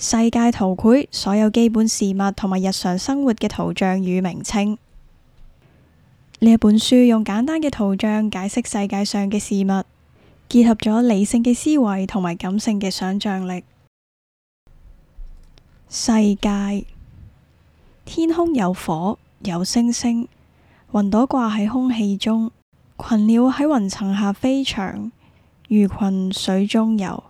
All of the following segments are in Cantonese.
世界圖繪所有基本事物同埋日常生活嘅圖像與名稱。呢一本書用簡單嘅圖像解釋世界上嘅事物，結合咗理性嘅思維同埋感性嘅想象力。世界，天空有火，有星星，雲朵掛喺空氣中，群鳥喺雲層下飛翔，魚群水中游。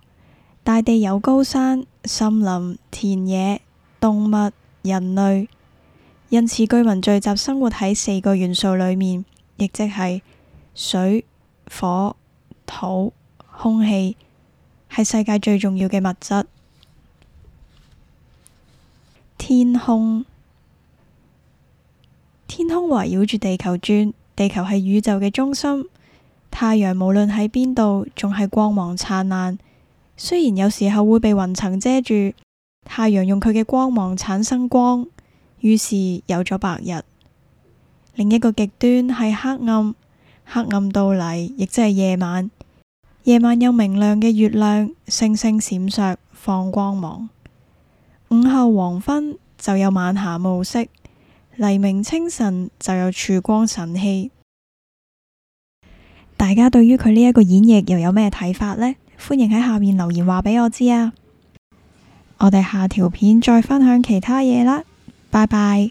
大地有高山、森林、田野、動物、人類，因此居民聚集生活喺四個元素裏面，亦即係水、火、土、空氣，係世界最重要嘅物質。天空，天空圍繞住地球轉，地球係宇宙嘅中心。太陽無論喺邊度，仲係光芒燦爛。雖然有時候會被雲層遮住，太陽用佢嘅光芒產生光，於是有咗白日。另一個極端係黑暗，黑暗到嚟，亦即係夜晚。夜晚有明亮嘅月亮、星星閃爍、放光芒。午後黃昏就有晚霞暮色，黎明清晨就有曙光晨曦。大家對於佢呢一個演繹又有咩睇法呢？歡迎喺下面留言話畀我知啊！我哋下條片再分享其他嘢啦，拜拜。